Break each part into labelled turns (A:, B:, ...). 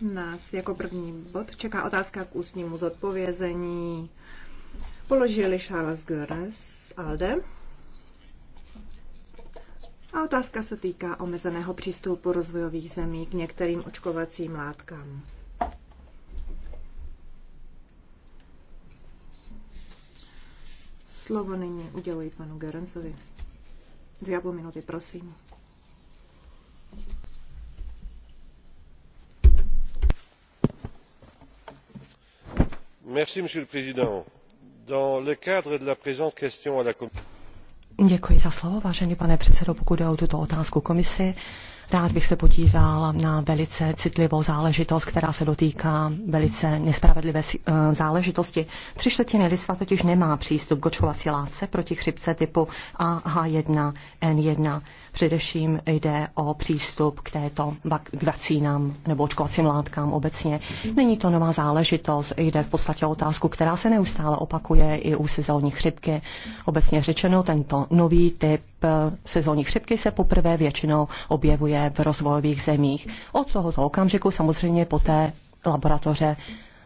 A: Nás jako první bod čeká otázka k ústnímu zodpovězení. Položili Charles Görres, Alde. A otázka se týká omezeného přístupu rozvojových zemí k některým očkovacím látkám. Slovo nyní uděluji panu Gerencovi. Dvě a půl minuty, prosím. monsieur le président dans le cadre de la présente question à la
B: Děkuji za slovo, vážený pane předsedo. Pokud jde o tuto otázku komisi, rád bych se podíval na velice citlivou záležitost, která se dotýká velice nespravedlivé eh, záležitosti. Tři čtvrtiny lidstva totiž nemá přístup k očkovací látce proti chřipce typu AH1N1. Především jde o přístup k této k vakcínám nebo očkovacím látkám obecně. Není to nová záležitost, jde v podstatě o otázku, která se neustále opakuje i u sezónní chřipky. Obecně řečeno, tento nový typ eh, sezónní chřipky se poprvé většinou objevuje v rozvojových zemích. Od tohoto okamžiku samozřejmě poté laboratoře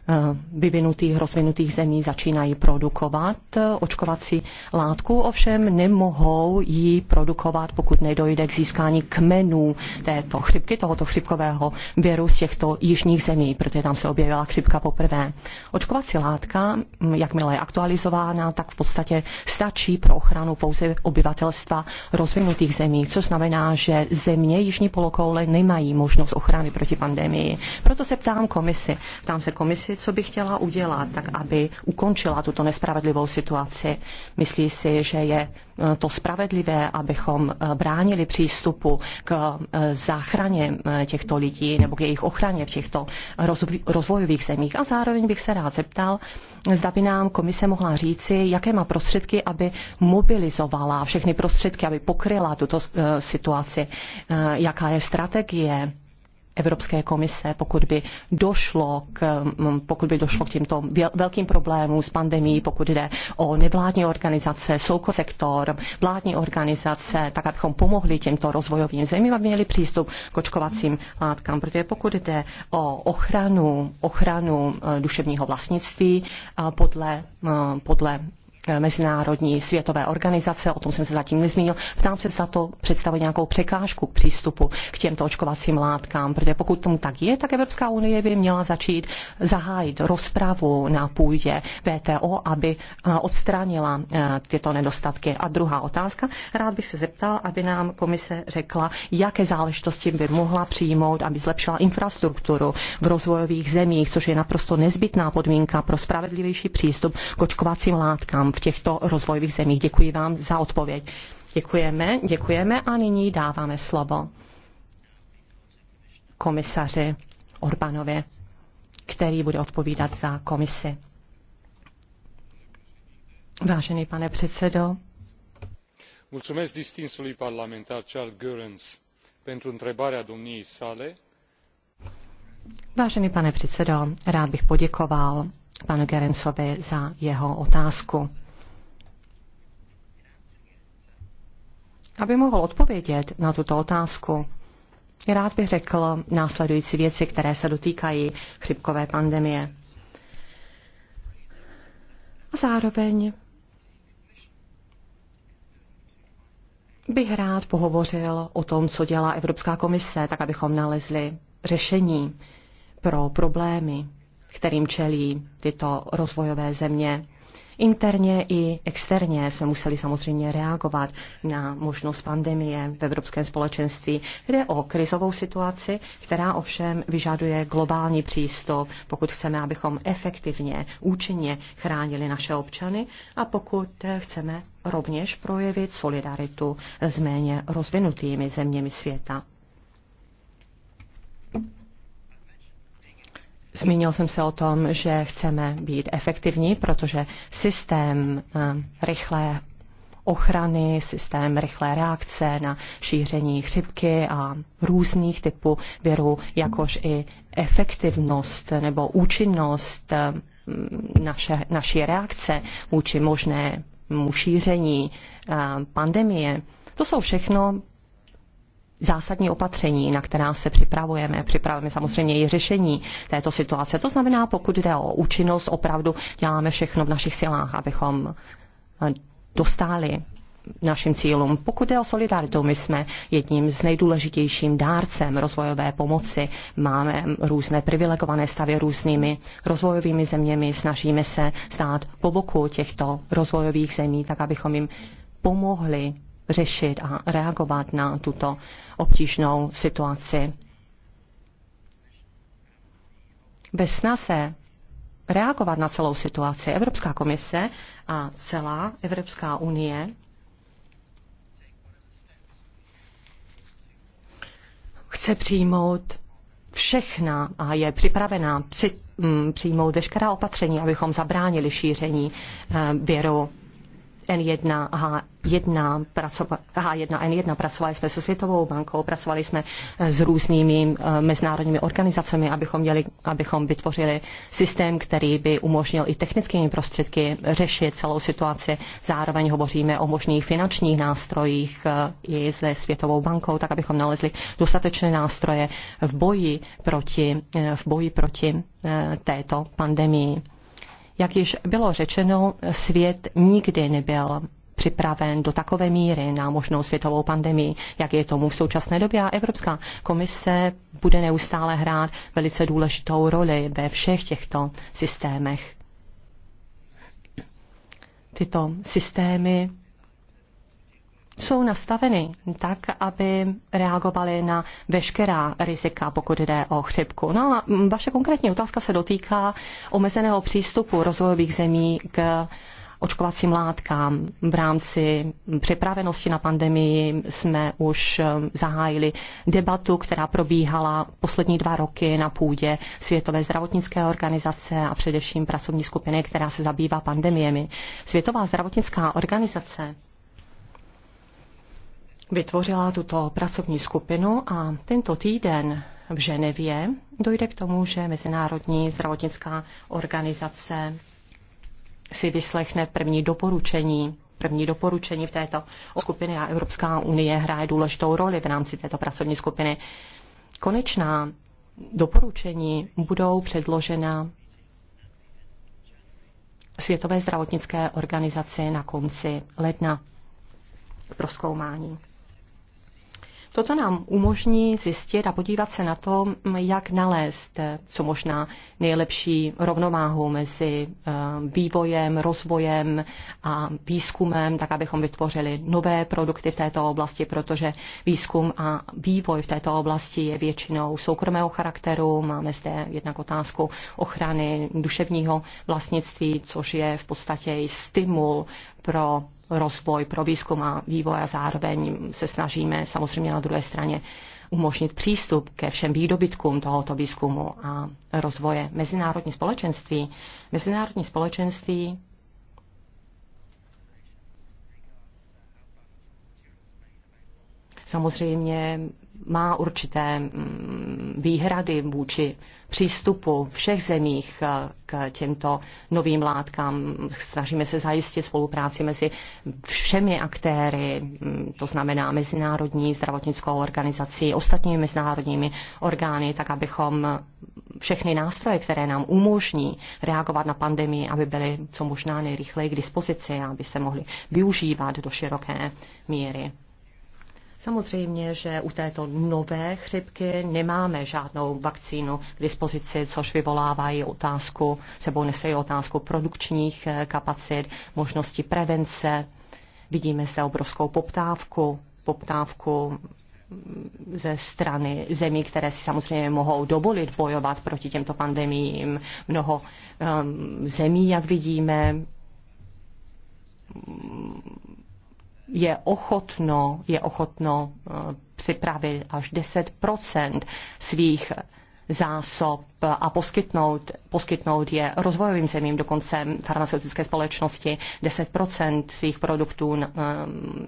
B: Eh, vyvinutých, rozvinutých zemí začínají produkovat eh, očkovací látku, ovšem nemohou ji produkovat, pokud nedojde k získání kmenů této chřipky, tohoto chřipkového věru z těchto jižních zemí, protože tam se objevila chřipka poprvé. Očkovací látka, mm, jakmile je aktualizována, tak v podstatě stačí pro ochranu pouze obyvatelstva rozvinutých zemí, což znamená, že země jižní polokoule nemají možnost ochrany proti pandemii. Proto se ptám komisi. Ptám se komisi, co by chtěla udělat, tak aby ukončila tuto nespravedlivou situaci. Myslí si, že je eh, to spravedlivé, abychom eh, bránili přístupu k eh, záchraně těchto lidí nebo k jejich ochraně v těchto rozvojových zemích. A zároveň bych se rád zeptal, zda by nám komise mohla říci, jaké má prostředky, aby mobilizovala všechny prostředky, aby pokryla tuto situaci, jaká je strategie Evropské komise, pokud by došlo k, mm, pokud by došlo k těmto velkým problémům s pandemí, pokud jde o nevládní organizace, soukromý sektor, vládní organizace, tak abychom pomohli těmto rozvojovým zemím, aby měli přístup k očkovacím látkám. Protože pokud jde o ochranu, ochranu eh, duševního vlastnictví podle, eh, podle mezinárodní světové organizace, o tom jsem se zatím nezmínil. Ptám se, zda to představuje nějakou překážku k přístupu k těmto očkovacím látkám, protože pokud tomu tak je, tak Evropská unie by měla začít zahájit rozpravu na půdě VTO, aby eh, odstranila eh, tyto nedostatky. A druhá otázka, rád bych se zeptal, aby nám komise řekla, jaké záležitosti by mohla přijmout, aby zlepšila infrastrukturu v rozvojových zemích, což je naprosto nezbytná podmínka pro spravedlivější přístup k očkovacím látkám v těchto rozvojových zemích. Děkuji vám za odpověď. Děkujeme, děkujeme a nyní dáváme slovo komisaři Orbánovi, který bude odpovídat za komisi. Vážený pane předsedo,
A: mulțumesc distinsului parlamentar Charles Görens pentru întrebarea domniei sale.
B: Vážený pane předsedo, rád bych poděkoval panu Gerencovi za jeho otázku. Aby mohl odpovědět na tuto otázku, rád bych řekl následující věci, které se dotýkají chřipkové pandemie. A zároveň bych rád pohovořil o tom, co dělá Evropská komise, tak abychom nalezli řešení pro problémy, kterým čelí tyto rozvojové země. Interně i externě jsme museli samozřejmě reagovat na možnost pandemie v Evropském společenství. Jde o krizovou situaci, která ovšem vyžaduje globální přístup, pokud chceme, abychom efektivně, účinně chránili naše občany a pokud chceme rovněž projevit solidaritu s méně rozvinutými zeměmi světa. Zmínil jsem se o tom, že chceme být efektivní, protože systém eh, rychlé ochrany, systém rychlé reakce na šíření chřipky a různých typů věru, jakož i efektivnost nebo účinnost eh, naše, naší reakce vůči možnému šíření eh, pandemie. To jsou všechno zásadní opatření, na která se připravujeme. Připravujeme samozřejmě i řešení této situace. To znamená, pokud jde o účinnost, opravdu děláme všechno v našich silách, abychom eh, dostali našim cílům. Pokud jde o solidaritu, my jsme jedním z nejdůležitějším dárcem rozvojové pomoci. Máme různé privilegované stavy různými rozvojovými zeměmi, snažíme se stát po boku těchto rozvojových zemí, tak abychom jim pomohli řešit a reagovat na tuto obtížnou situaci. Ve snaze reagovat na celou situaci Evropská komise a celá Evropská unie chce přijmout všechna a je připravená při, m, mm, přijmout veškerá opatření, abychom zabránili šíření e, eh, věru N1, H1, pracova, H1N1, pracovali jsme se Světovou bankou, pracovali jsme eh, s různými eh, mezinárodními organizacemi, abychom, měli, abychom vytvořili systém, který by umožnil i technickými prostředky řešit celou situaci. Zároveň hovoříme o možných finančních nástrojích eh, i se Světovou bankou, tak abychom nalezli dostatečné nástroje v boji proti, v boji proti této pandemii. Jak již bylo řečeno, svět nikdy nebyl připraven do takové míry na možnou světovou pandemii, jak je tomu v současné době. A Evropská komise bude neustále hrát velice důležitou roli ve všech těchto systémech. Tyto systémy jsou nastaveny tak, aby reagovaly na veškerá rizika, pokud jde o chřipku. No a vaše konkrétní otázka se dotýká omezeného přístupu rozvojových zemí k očkovacím látkám. V rámci připravenosti na pandemii jsme už um, zahájili debatu, která probíhala poslední dva roky na půdě Světové zdravotnické organizace a především pracovní skupiny, která se zabývá pandemiemi. Světová zdravotnická organizace vytvořila tuto pracovní skupinu a tento týden v Ženevě dojde k tomu, že Mezinárodní zdravotnická organizace si vyslechne první doporučení první doporučení v této skupiny a Evropská unie hraje důležitou roli v rámci této pracovní skupiny. Konečná doporučení budou předložena Světové zdravotnické organizaci na konci ledna k proskoumání. Toto nám umožní zjistit a podívat se na to, jak nalézt eh, co možná nejlepší rovnováhu mezi eh, vývojem, rozvojem a výzkumem, tak abychom vytvořili nové produkty v této oblasti, protože výzkum a vývoj v této oblasti je většinou soukromého charakteru. Máme zde jednak otázku ochrany duševního vlastnictví, což je v podstatě i stimul pro rozvoj, pro výzkum a vývoj a zároveň se snažíme samozřejmě na druhé straně umožnit přístup ke všem výdobytkům tohoto výzkumu a rozvoje. Mezinárodní společenství, mezinárodní společenství samozřejmě má určité mm, výhrady vůči přístupu všech zemích eh, k těmto novým látkám. Snažíme se zajistit spolupráci mezi všemi aktéry, hm, to znamená Mezinárodní zdravotnickou organizací, ostatními mezinárodními orgány, tak abychom všechny nástroje, které nám umožní reagovat na pandemii, aby byly co možná nejrychleji k dispozici, aby se mohly využívat do široké míry. Samozřejmě, že u této nové chřipky nemáme žádnou vakcínu k dispozici, což vyvolává i otázku, sebou nese otázku produkčních eh, kapacit, možnosti prevence. Vidíme zde obrovskou poptávku, poptávku mm, ze strany zemí, které si samozřejmě mohou dovolit bojovat proti těmto pandemiím. Mnoho um, zemí, jak vidíme, je ochotno, je ochotno eh, připravit až 10 svých zásob a poskytnout, poskytnout je rozvojovým zemím, dokonce farmaceutické společnosti 10 svých produktů na, um,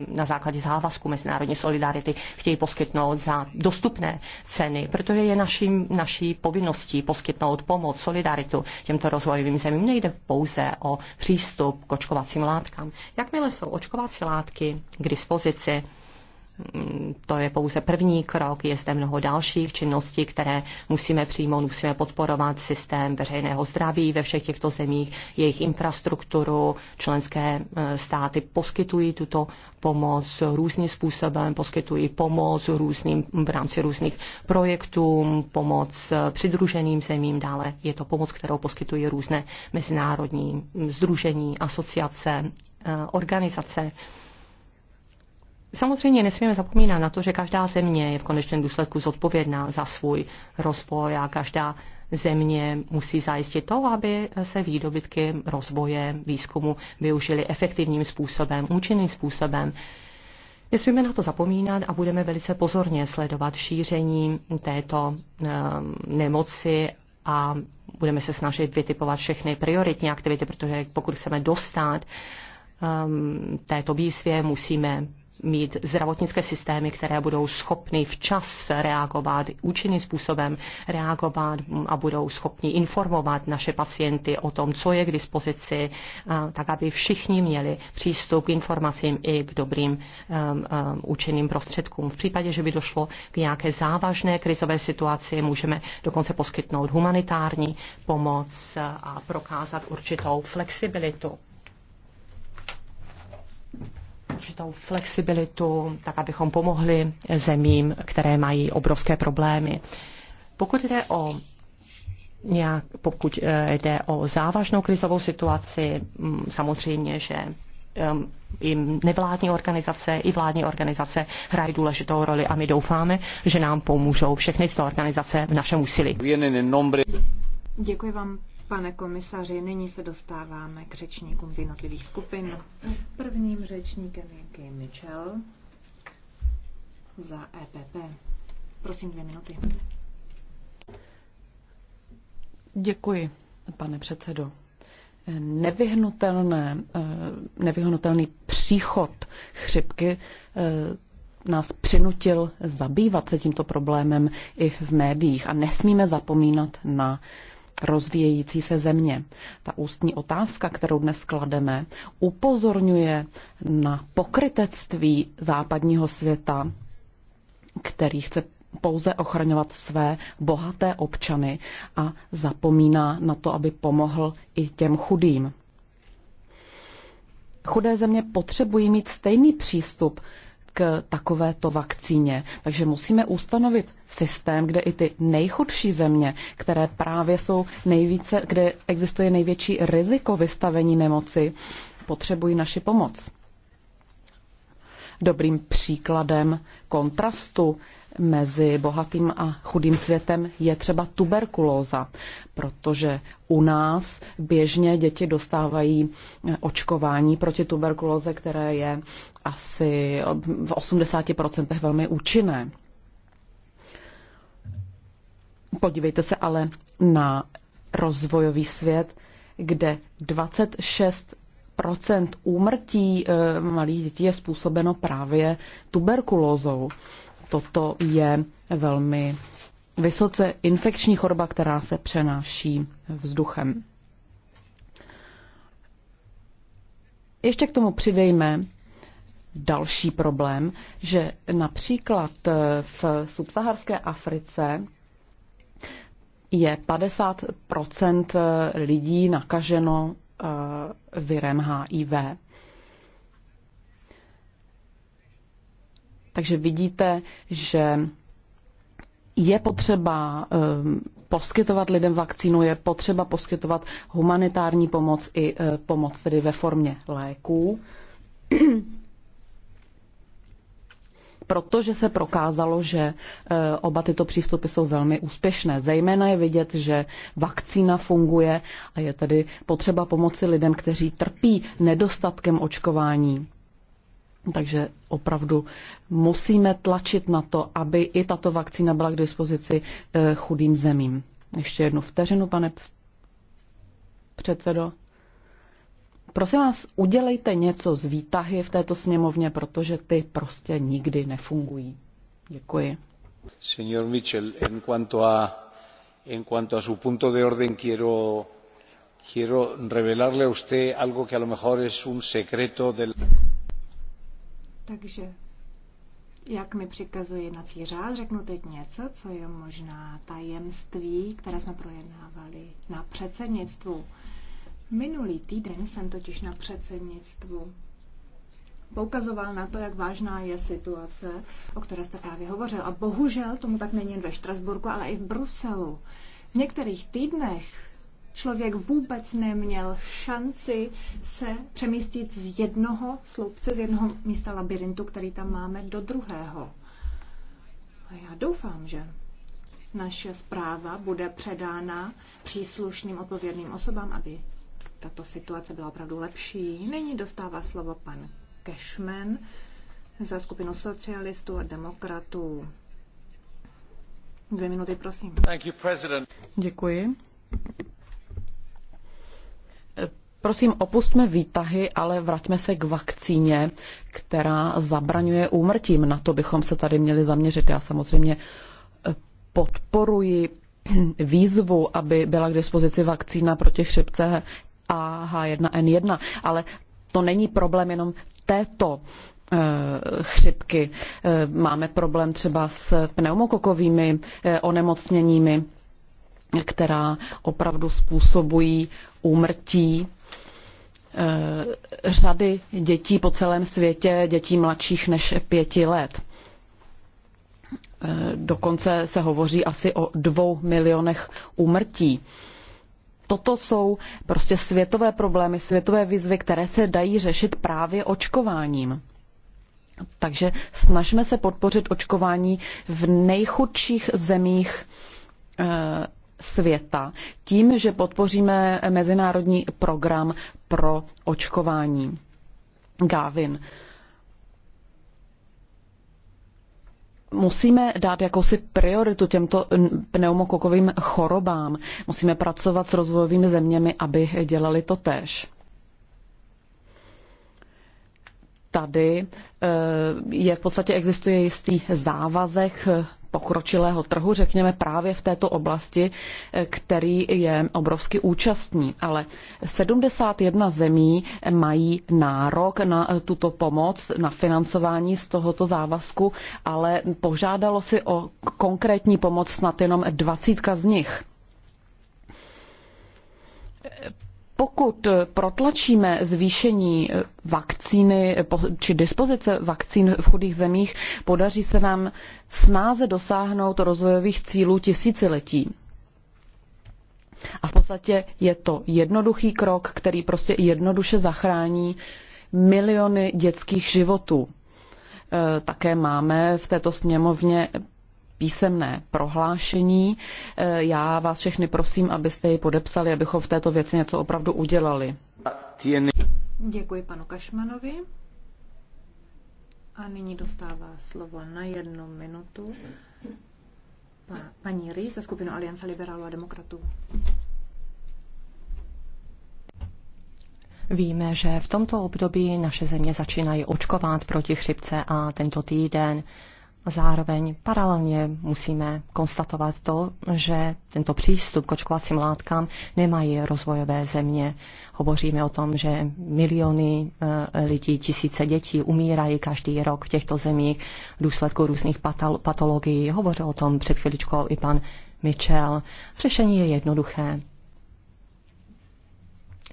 B: na základě závazku mezinárodní solidarity chtějí poskytnout za dostupné ceny, protože je naším, naší povinností poskytnout pomoc, solidaritu těmto rozvojovým zemím. Nejde pouze o přístup k očkovacím látkám. Jakmile jsou očkovací látky k dispozici, to je pouze první krok, je zde mnoho dalších činností, které musíme přijmout, musíme podporovat systém veřejného zdraví ve všech těchto zemích, jejich infrastrukturu, členské eh, státy poskytují tuto pomoc různým způsobem, poskytují pomoc různým, v rámci různých projektů, pomoc eh, přidruženým zemím, dále je to pomoc, kterou poskytují různé mezinárodní združení, mm, asociace, eh, organizace. Samozřejmě nesmíme zapomínat na to, že každá země je v konečném důsledku zodpovědná za svůj rozvoj a každá země musí zajistit to, aby se výdobytky rozvoje, výzkumu využili efektivním způsobem, účinným způsobem. Nesmíme na to zapomínat a budeme velice pozorně sledovat šíření této ehm, nemoci a budeme se snažit vytipovat všechny prioritní aktivity, protože pokud chceme dostat um, této výzvě, musíme mít zdravotnické systémy, které budou schopny včas reagovat, účinným způsobem reagovat a budou schopni informovat naše pacienty o tom, co je k dispozici, tak aby všichni měli přístup k informacím i k dobrým um, um, účinným prostředkům. V případě, že by došlo k nějaké závažné krizové situaci, můžeme dokonce poskytnout humanitární pomoc a prokázat určitou flexibilitu určitou flexibilitu, tak abychom pomohli zemím, které mají obrovské problémy. Pokud jde o nějak, pokud eh, jde o závažnou krizovou situaci, mm, samozřejmě, že i nevládní organizace, i vládní organizace hrají důležitou roli a my doufáme, že nám pomůžou všechny tyto organizace v našem úsilí.
A: Děkuji vám Pane komisaři, nyní se dostáváme k řečníkům z jednotlivých skupin. Prvním řečníkem je Kim Mitchell za EPP. Prosím dvě minuty.
C: Děkuji, pane předsedo. Nevyhnutelné, eh, nevyhnutelný příchod chřipky eh, nás přinutil zabývat se tímto problémem i v médiích a nesmíme zapomínat na rozvíjející se země. Ta ústní otázka, kterou dnes klademe, upozorňuje na pokrytectví západního světa, který chce pouze ochraňovat své bohaté občany a zapomíná na to, aby pomohl i těm chudým. Chudé země potřebují mít stejný přístup k takovéto vakcíně. Takže musíme ustanovit systém, kde i ty nejchudší země, které právě jsou nejvíce, kde existuje největší riziko vystavení nemoci, potřebují naši pomoc. Dobrým příkladem kontrastu mezi bohatým a chudým světem je třeba tuberkulóza, protože u nás běžně děti dostávají eh, očkování proti tuberkulóze, které je asi v 80% velmi účinné. Podívejte se ale na rozvojový svět, kde 26 procent úmrtí eh, malých dětí je způsobeno právě tuberkulózou toto je velmi vysoce infekční choroba, která se přenáší vzduchem. Ještě k tomu přidejme další problém, že například v subsaharské Africe je 50 lidí nakaženo eh, virem HIV. Takže vidíte, že je potřeba ehm, poskytovat lidem vakcínu, je potřeba poskytovat humanitární pomoc i eh, pomoc tedy ve formě léků, protože se prokázalo, že eh, oba tyto přístupy jsou velmi úspěšné. Zejména je vidět, že vakcína funguje a je tedy potřeba pomoci lidem, kteří trpí nedostatkem očkování. Takže opravdu musíme tlačit na to, aby i tato vakcína byla k dispozici eh, chudým zemím. Ještě jednu vteřinu, pane předsedo. Prosím vás, udělejte něco z výtahy v této sněmovně, protože ty prostě nikdy nefungují. Děkuji. Señor Mitchell, en cuanto a, en cuanto a su punto de orden, quiero, quiero
A: revelarle a usted algo que a lo mejor es un secreto del. Takže, jak mi přikazuje jednací řád, řeknu teď něco, co je možná tajemství, které jsme projednávali na předsednictvu. Minulý týden jsem totiž na předsednictvu poukazoval na to, jak vážná je situace, o které jste právě hovořil. A bohužel tomu tak není jen ve Štrasburku, ale i v Bruselu. V některých týdnech člověk vůbec neměl šanci se přemístit z jednoho sloupce, z jednoho místa labirintu, který tam máme, do druhého. A já doufám, že naše zpráva bude předána příslušným odpovědným osobám, aby tato situace byla opravdu lepší. Nyní dostává slovo pan Cashman za skupinu socialistů a demokratů. Dvě minuty, prosím.
C: Děkuji. Prosím, opustme výtahy, ale vraťme se k vakcíně, která zabraňuje úmrtím. Na to bychom se tady měli zaměřit. Já samozřejmě eh, podporuji výzvu, aby byla k dispozici vakcína proti chřipce AH1N1, ale to není problém jenom této eh, chřipky. Eh, máme problém třeba s pneumokokovými onemocněními která opravdu způsobují úmrtí eh, řady dětí po celém světě, dětí mladších než pěti let. Eh, dokonce se hovoří asi o dvou milionech úmrtí. Toto jsou prostě světové problémy, světové výzvy, které se dají řešit právě očkováním. Takže snažme se podpořit očkování v nejchudších zemích eh, světa tím, že podpoříme mezinárodní program pro očkování. Gávin. Musíme dát jakousi prioritu těmto pneumokokovým chorobám. Musíme pracovat s rozvojovými zeměmi, aby dělali to tež. tady eh, je v podstatě existuje jistý závazek pokročilého trhu, řekněme právě v této oblasti, eh, který je obrovsky účastní. Ale 71 zemí mají nárok na eh, tuto pomoc, na financování z tohoto závazku, ale požádalo si o konkrétní pomoc snad jenom 20 z nich pokud protlačíme zvýšení eh, vakcíny eh, či dispozice vakcín v chudých zemích, podaří se nám snáze dosáhnout rozvojových cílů tisíciletí. A v podstatě je to jednoduchý krok, který prostě jednoduše zachrání miliony dětských životů. Eh, také máme v této sněmovně písemné prohlášení. Eh, já vás všechny prosím, abyste ji podepsali, abychom v této věci něco opravdu udělali.
A: Děkuji panu Kašmanovi. A nyní dostává slovo na jednu minutu pa, paní Rý ze skupinu Aliance liberálů a demokratů.
B: Víme, že v tomto období naše země začínají očkovat proti chřipce a tento týden a zároveň paralelně musíme konstatovat to, že tento přístup k očkovacím látkám nemají rozvojové země. Hovoříme o tom, že miliony eh, lidí, tisíce dětí umírají každý rok v těchto zemích v důsledku různých patologií. Hovořil o tom před chviličkou i pan Mitchell. Řešení je jednoduché.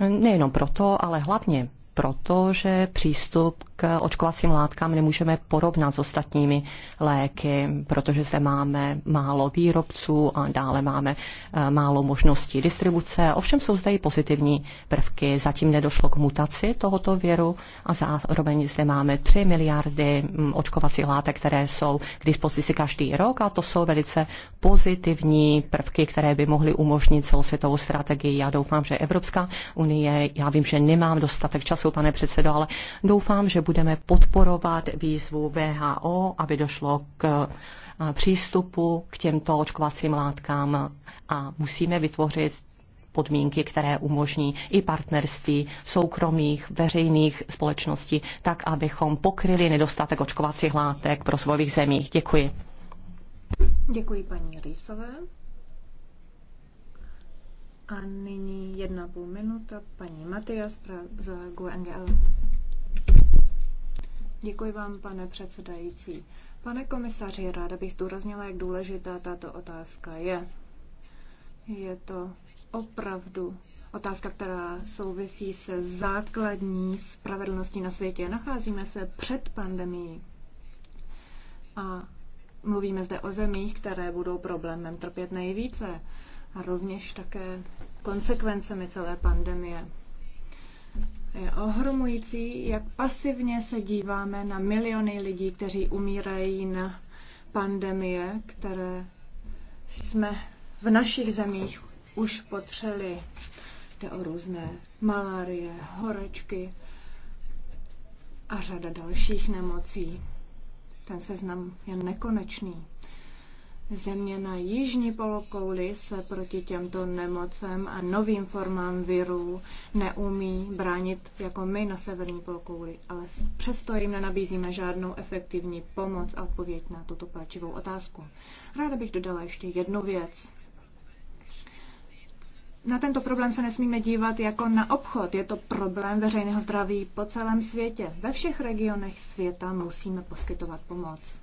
B: Nejenom proto, ale hlavně proto, že přístup k očkovacím látkám nemůžeme porovnat s ostatními léky, protože zde máme málo výrobců a dále máme eh, málo možností distribuce. Ovšem jsou zde i pozitivní prvky. Zatím nedošlo k mutaci tohoto věru a zároveň zde máme 3 miliardy mm, očkovacích látek, které jsou k dispozici každý rok a to jsou velice pozitivní prvky, které by mohly umožnit celosvětovou strategii. Já doufám, že Evropská unie, já vím, že nemám dostatek času, času, pane předsedo, ale doufám, že budeme podporovat výzvu VHO, aby došlo k eh, přístupu k těmto očkovacím látkám a musíme vytvořit podmínky, které umožní i partnerství soukromých, veřejných společností, tak abychom pokryli nedostatek očkovacích látek pro svojich zemích. Děkuji.
A: Děkuji paní Rýsové. A nyní jedna půl minuta paní Matias za GUNGL. Děkuji vám, pane předsedající. Pane komisaři, ráda bych zdůraznila, jak důležitá tato otázka je. Je to opravdu otázka, která souvisí se základní spravedlností na světě. Nacházíme se před pandemií a mluvíme zde o zemích, které budou problémem trpět nejvíce a rovněž také konsekvencemi celé pandemie. Je ohromující, jak pasivně se díváme na miliony lidí, kteří umírají na pandemie, které jsme v našich zemích už potřeli. Jde o různé malárie, horečky a řada dalších nemocí. Ten seznam je nekonečný. Země na jižní polokouli se proti těmto nemocem a novým formám virů neumí bránit jako my na severní polokouli, ale přesto jim nenabízíme žádnou efektivní pomoc a odpověď na tuto palčivou otázku. Ráda bych dodala ještě jednu věc. Na tento problém se nesmíme dívat jako na obchod. Je to problém veřejného zdraví po celém světě. Ve všech regionech světa musíme poskytovat pomoc.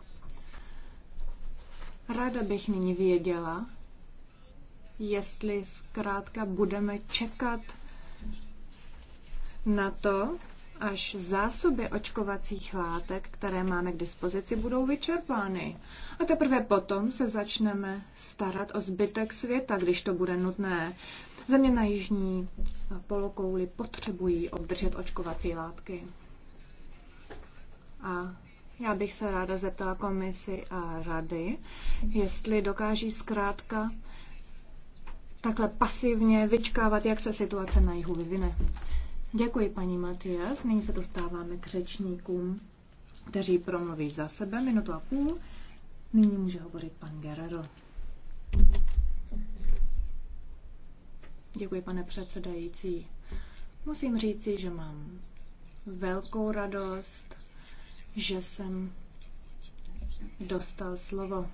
A: Ráda bych nyní věděla, jestli zkrátka budeme čekat na to, až zásoby očkovacích látek, které máme k dispozici, budou vyčerpány. A teprve potom se začneme starat o zbytek světa, když to bude nutné. Země na jižní polokouli potřebují obdržet očkovací látky. A já bych se ráda zeptala komisi a rady, jestli dokáží zkrátka takhle pasivně vyčkávat, jak se situace na jihu vyvine. Děkuji, paní Matias. Nyní se dostáváme k řečníkům, kteří promluví za sebe minutu a půl. Nyní může hovořit pan Guerrero. Děkuji, pane předsedající. Musím říci, že mám velkou radost že jsem dostal slovo.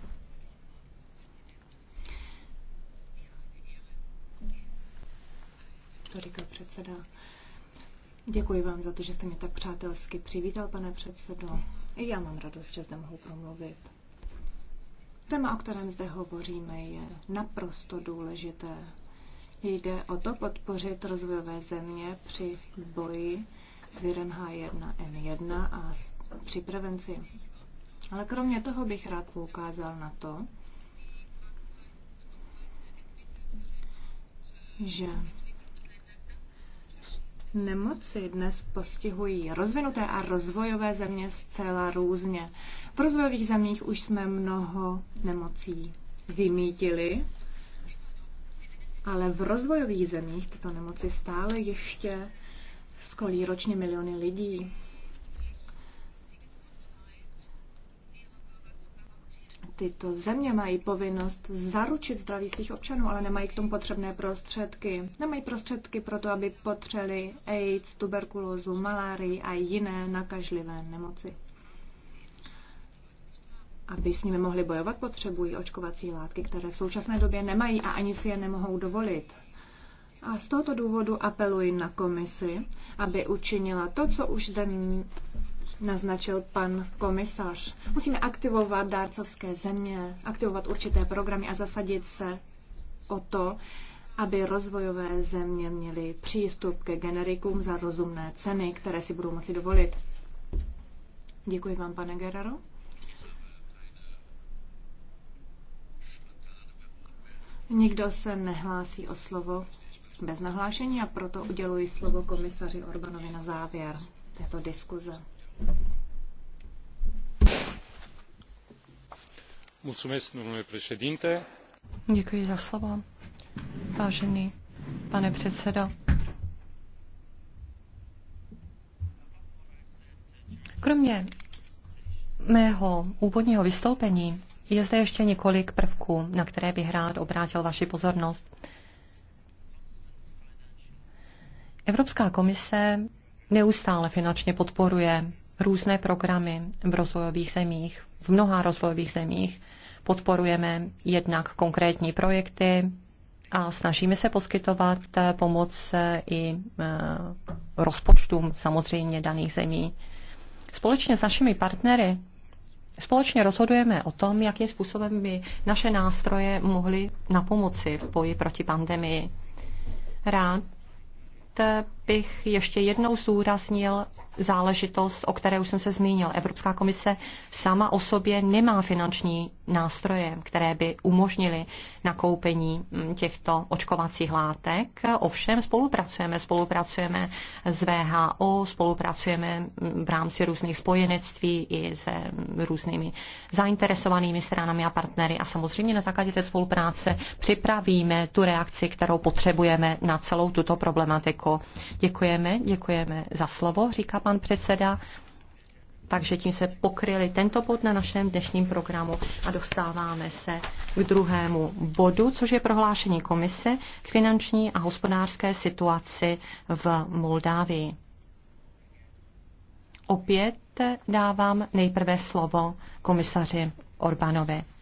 A: To říká předseda. Děkuji vám za to, že jste mě tak přátelsky přivítal, pane předsedo. I já mám radost, že zde mohu promluvit. Téma, o kterém zde hovoříme, je naprosto důležité. Jde o to podpořit rozvojové země při boji s virem H1N1 a s při prevenci. Ale kromě toho bych rád poukázal na to, že Nemoci dnes postihují rozvinuté a rozvojové země zcela různě. V rozvojových zemích už jsme mnoho nemocí vymítili, ale v rozvojových zemích tyto nemoci stále ještě skolí ročně miliony lidí. tyto země mají povinnost zaručit zdraví svých občanů, ale nemají k tomu potřebné prostředky. Nemají prostředky pro to, aby potřeli AIDS, tuberkulózu, malárii a jiné nakažlivé nemoci. Aby s nimi mohli bojovat, potřebují očkovací látky, které v současné době nemají a ani si je nemohou dovolit. A z tohoto důvodu apeluji na komisi, aby učinila to, co už zde naznačil pan komisař. Musíme aktivovat dárcovské země, aktivovat určité programy a zasadit se o to, aby rozvojové země měly přístup ke generikům za rozumné ceny, které si budou moci dovolit. Děkuji vám, pane Geraro. Nikdo se nehlásí o slovo bez nahlášení a proto uděluji slovo komisaři Orbanovi na závěr této diskuze.
B: Děkuji za slovo. Vážený pane předsedo, kromě mého úvodního vystoupení je zde ještě několik prvků, na které bych rád obrátil vaši pozornost. Evropská komise neustále finančně podporuje různé programy v rozvojových zemích, v mnoha rozvojových zemích. Podporujeme jednak konkrétní projekty a snažíme se poskytovat eh, pomoc eh, i eh, rozpočtům samozřejmě daných zemí. Společně s našimi partnery Společně rozhodujeme o tom, jakým způsobem by naše nástroje mohly na pomoci v boji proti pandemii. Rád bych ještě jednou zúraznil záležitost, o které už jsem se zmínil. Evropská komise sama o sobě nemá finanční nástroje, které by umožnily nakoupení mm, těchto očkovacích látek. Ovšem spolupracujeme, spolupracujeme s VHO, spolupracujeme mm, v rámci různých spojenectví i s mm, různými zainteresovanými stranami a partnery a samozřejmě na základě té spolupráce připravíme tu reakci, kterou potřebujeme na celou tuto problematiku. Děkujeme, děkujeme za slovo, říká pan předseda. Takže tím se pokryli tento bod na našem dnešním programu a dostáváme se k druhému bodu, což je prohlášení komise k finanční a hospodářské situaci v Moldávii. Opět dávám nejprve slovo komisaři Orbánovi.